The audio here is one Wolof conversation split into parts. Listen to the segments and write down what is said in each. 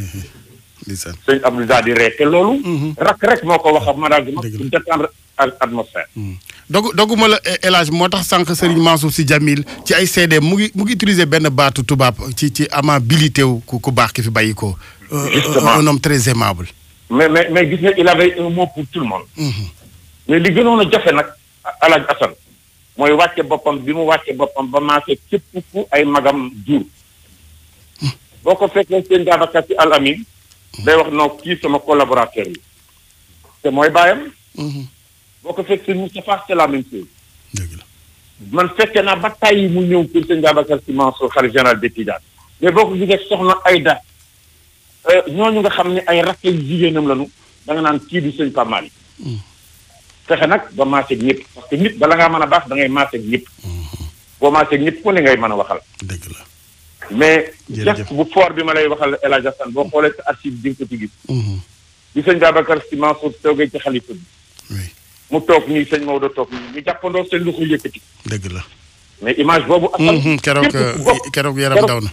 Mhm. sëñ Abdou daal di reete loolu. Mhm. rak rek moo ko wax ak maanaam du détendre atmosphère. Mhm. dogu doguma la élage eh, moo tax sànq Serigne Mansour Sy Djamil ci ay CD mu ngi mu ngi utiliser benn baatu tubaab ci ci amabilité wu ku ku baax ki fi bàyyi ko. Euh, euh, un homme très aimable. mais mais mais gis nga il avait un mot pour tout le monde. mais li gënoon a jafe nag El Hadj Assane mooy wàcce boppam bi mu wàcce boppam ba maase képp ku ay magam jur. boko ko sen seen Babacar Sy Al amin day wax no ki sama collaborateur c'est te mooy bàyyam mhm. boo ko fekk seen Moustapha c'est la même chose man fekkee na ba tàyyi mu ñëw pour seen Babacar Sy Mansour xalif general de Tidane mais boko ko gisee soxna Aïda euh, ñooñu nga xamni ay rakay jigéenam lañu da nga nan ki du sen pa Malick mhm. fexe nak ba maase ak parce que nit bala ngaa mën a da ngay maase ak ñëpp mhm. boo maase ak ñëpp ngay mëna waxal deug la mais geste bu fort bi ma lay waxal El Hadj Assane boo xoolee sa archive di nga ko ci gis. di sëñ Babacar Sy Mansour toogee ci xalifa bi. mu toog nii sëñ Maodo toog nii ñu jàppandoo seen loxo yëkkati. dëgg la mais image boobu. askan keroog keroog yaram daw na.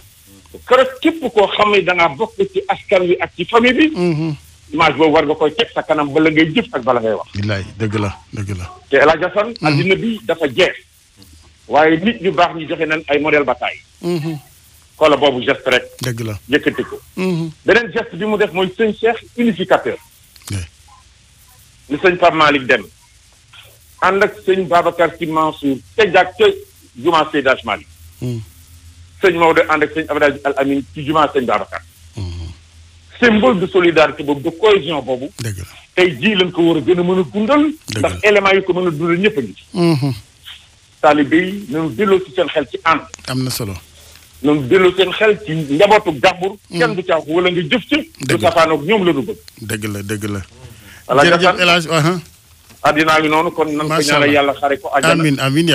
keroog képp koo xam ne da ngaa bokk ci askan wi ak ci famille bi. image boobu war nga koy teg sa kanam bala ngay jëf ak bala ngay wax. billaay dëgg la dëgg la. te El Hadj Assane. addina bi dafa jeex. waaye nit ñu baax ñu joxe nañ ay modèle bataille. xoola boobu geste rek. dëgg la yëkkati ko. Mhm. beneen geste bi mu def mooy sëñ Cheikh unificateur. li sëñ Pape Malick dem ànd ak sëñ Babacar Sy Mansour ca jàkk ca jumaa Seydi Hadji Malick. Mhm. sëñ Maodo ànd ak sëñ Abdoulaye Al Amin ci jumaa sëñ Babacar. Mhm. symbole de solidarité boobu de cohésion boobu. dëgg la tey jii lañ ko war a gën a mën a dundal. ndax élément yu ko mën a dundal ñëpp a ngi ci. taalibe yi nañu delloo ci seen xel ci ànd. am na solo. ñoom delloo seen xel ci njabootu jàmbur. Mm. kenn du caaxu wala nga jëf ci. lu safaanoog ñoom la du bëgg. dëgg la dëgg la. jërëjëf El Hadj uh-huh. addinaa ngi noonu kon nan ko ñaanal yàlla ko àjjana amiin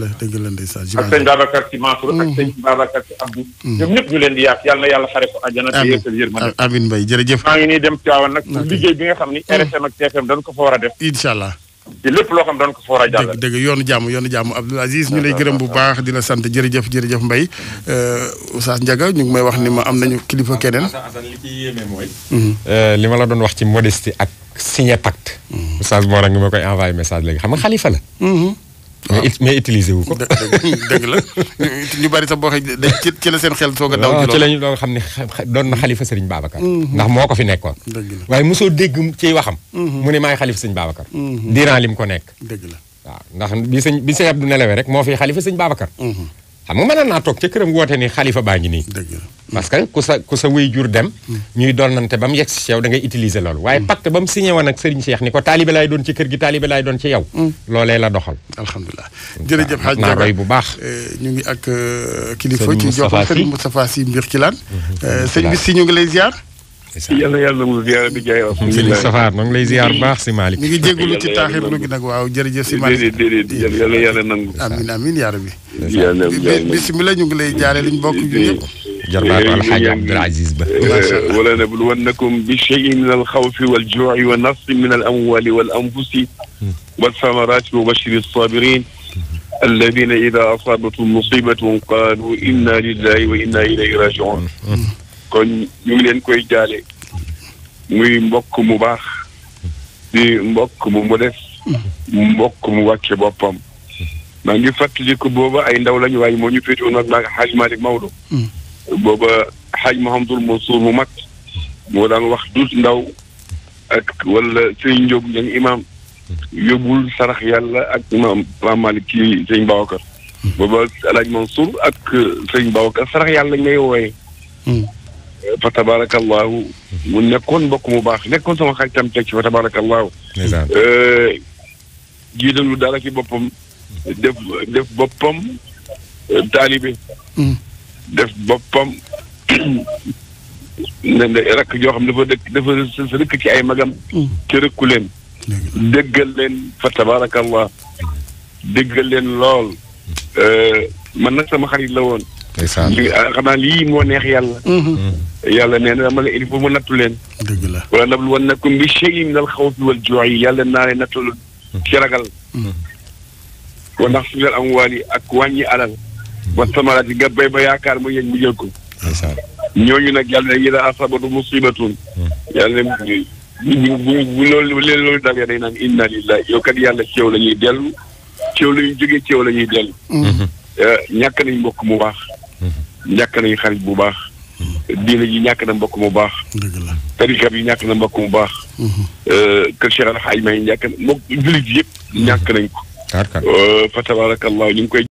la dëgg la ndeysaan ak sëñ Babacar si Mansour ak mm-hmm. sëñ Babacar si Abdou mm-hmm. ñoom ñëpp ñu leen di yaat yàlla na yàlla xare ko àjjana te yéesal yërmande amiin Mbaye jërëjëf maa ngi nii dem Tivaouane nag liggéey bi nga xam ni RFM mm. ak TFM dañ ko fa war a def incha allah ci lépp loo xam doon ko foora jàll dëgg yoonu jàmm yoonu jàmm Abdoul Aziz ñu lay gërëm bu baax di la sant jërëjëf jërëjëf Mbaye euh, Oustaz Ndiaga ñu ngi may wax ni ma am nañu kilifa keneen li ci mhm. euh, li ma la doon wax ci modestie ak signé pacte mhm. Oustaz Mor a ngi ma koy envoyé message léegi xam nga xalifa la mhm. Ah. mais mais utiliser wu ko. dëgg la ñu bari sa boo xëy dañ ci la seen xel soog a daw. Ah, ci lañu doon xam ne doon na xalifa sëriñ Babacar. Mm-hmm. ndax moo ko fi nekkoon. dëgg la waaye mosoo dégg ci waxam. Mm-hmm. mu ne maay xalifa sëriñ Babacar. Mm-hmm. diiran lim ko nekk. dëgg la waaw ndax bi sëñ bi sëñ Abdou nelawee rek moo fi xalifa sëriñ Babacar. xam nga mën naa toog ca këram woote ni xalifa baa ngi nii. parce que ku sa ku sa wéy jur dem ñuy doonante ba mu yegg si yow da ngay loolu waaye mm. pacte ba mu signé woon ak Serigne Cheikh ni ko taalibe laay doon ci kër gi taalibe laay doon ci yow mm. loolee la doxal alhamdulilah jërëjëf xaaj naa eh, euh, ci joxal Serigne Moustapha ci laan mm-hmm. euh, sëñ bi si ñu ngi lay ziar yàlla yàlla mu ziar bi ngi lay ziar si ñu ngi jégalu ci waaw jërëjëf si Malick déedéet yàlla yàlla nangu amin amin yaa rabbi bisimilah ñu ngi lay jaare liñ bokk ñu ñëpp جربات على إيه. الحاج عبد العزيز إيه. ولا نبلونكم بشيء من الخوف والجوع والنص من الاموال والانفس والثمرات وبشر الصابرين الذين اذا اصابتهم مصيبه قالوا انا لله وانا اليه راجعون كون يملين كوي جالي موي مبوك مباخ دي مبوك مودس مبوك مواك بوبام ما نجي فاتليكو بوبا اي ندولا ني واي مو ني فيتو نك حاج مالك مولو booba xaaj Mouhamadul Mansour mu mag moo daan wax duut ndaw ak wala sëñ Njóob ñang imaam yóbbul sarax yàlla ak imaam imaam Malick ci sëñ Babacar booba alaaj Mansour ak sëñ Babacar sarax yàlla ngay wooye fa tabarakallahu mu nekkoon mbokk mu baax nekkoon sama xaritam teg ci fa tabarakallahu jiidalu dara ci boppam def def boppam taalibe def boppam rakk joo xam dafa dëkk dafa dëkk ci ay magam ci mm. leen déggal leen fa tabaarakallah déggal leen lool euh, man na sama xarit la woon ah, xanaa lii moo neex yàlla mm-hmm. mm. yàlla nee na ma nattu leen dëgg la wala nablu wan nakum bi min al xawfi wal ju'i yàlla naa leen nattu mm. ci ragal wa ndax ak wàññi alal wax sama laaj nga béy ba yaakaar mu yéeg mu jël ko. ñooñu nag yàlla yi la asabatu musibatun yàlla bu bu bu loolu leen loolu dalee day naan inna lillahi yow kat yàlla ci yow la ñuy dellu ci yow la ñuy jógee la ñuy dellu. Mm-hmm. Euh, ñàkk nañ mbokk mu baax. Mm-hmm. ñàkk nañ xarit bu baax. Mm-hmm. diine ji ñàkk na mbokk mu baax. dëgg la tarika bi ñàkk na mbokk mu baax. Euh, kër Cheikh Al Hadj May ñàkk na mbokk jullit yëpp ñàkk nañ ko. Euh, fa tabaarakallahu ñu koy.